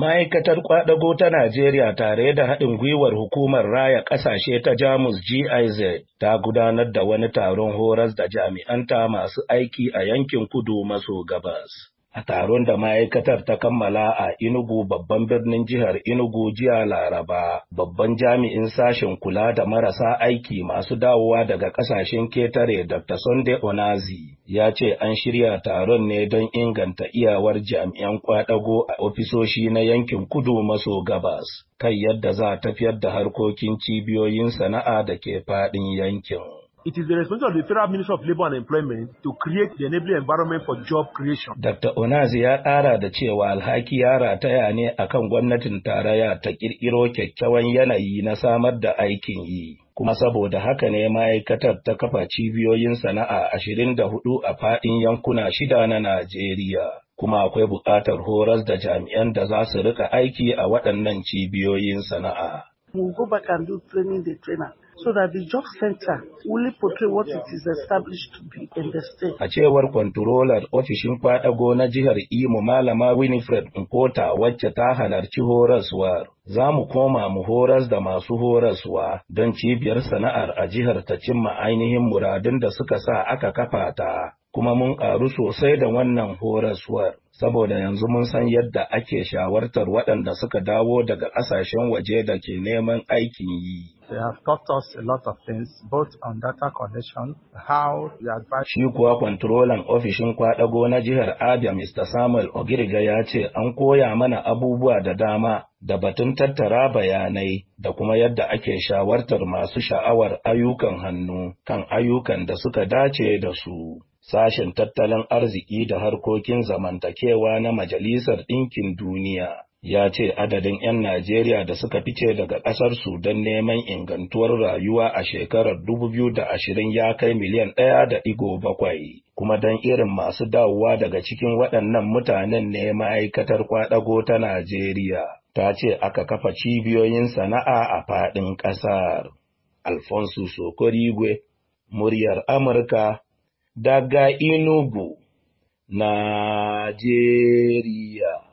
Ma'aikatar kwadago ta Najeriya tare da haɗin gwiwar Hukumar Raya Ƙasashe ta Jamus GIZ ta gudanar da wani taron horas da jami'anta masu aiki a yankin kudu maso gabas. a taron da ma'aikatar ta kammala a Inugu babban birnin jihar Inugu jiya Laraba. Babban jami'in sashen kula da marasa aiki masu dawowa daga kasashen ketare Dr. Sunday Onazi ya ce an shirya taron ne don inganta iyawar jami'an kwadago a ofisoshi na yankin kudu maso gabas, kan yadda za a tafiyar da harkokin cibiyoyin sana'a da ke faɗin yankin. It is the responsibility of the Federal Ministry of Labour and Employment to create the enabling environment for job creation. Dr. Onazi ya ƙara da cewa alhaki ya rataya ne akan gwamnatin tarayya ta ƙirƙiro kyakkyawan yanayi na samar da aikin yi. kuma saboda haka ne ma'aikatar ta kafa cibiyoyin sana'a ashirin da hudu a faɗin yankuna shida na Najeriya. Kuma akwai buƙatar horas da jami'an da za su rika aiki a waɗannan cibiyoyin sana'a. Mu go back and do training the trainer. so that the job center will portray what it is established to be in the state. A cewar kwantarolar ofishin kwadago na jihar Imo Malama Winifred Nkota wacce ta halarci horaswar. Za mu koma mu horas da masu horaswa don cibiyar sana'ar a jihar ta cimma ainihin muradun da suka sa aka kafa ta. Kuma mun ƙaru sosai da wannan horaswar. saboda yanzu mun san yadda ake shawartar waɗanda suka dawo daga ƙasashen waje da ke neman aikin yi. They have taught us a lot of things, both on data collection, how the advice. Shi kuwa kwantrolan ofishin kwadago na jihar Abia Mr. Samuel Ogirga ya ce an koya mana abubuwa da dama da batun tattara bayanai da kuma yadda ake shawartar masu sha'awar ayyukan hannu kan ayyukan da suka dace da su. Sashen tattalin arziki da harkokin zamantakewa na Majalisar Ɗinkin Duniya. ya ce adadin 'yan Najeriya da suka fice daga ƙasar su don neman ingantuwar rayuwa a shekarar 2020 ya kai miliyan ɗaya da ɗigo bakwai, kuma don irin masu dawowa daga cikin waɗannan mutanen ne ma'aikatar kwaɗago ta Najeriya ta ce aka kafa cibiyoyin sana'a a faɗin ƙasar. Alfonso Sokorigwe, muryar Amurka, daga Inugu, Najeriya.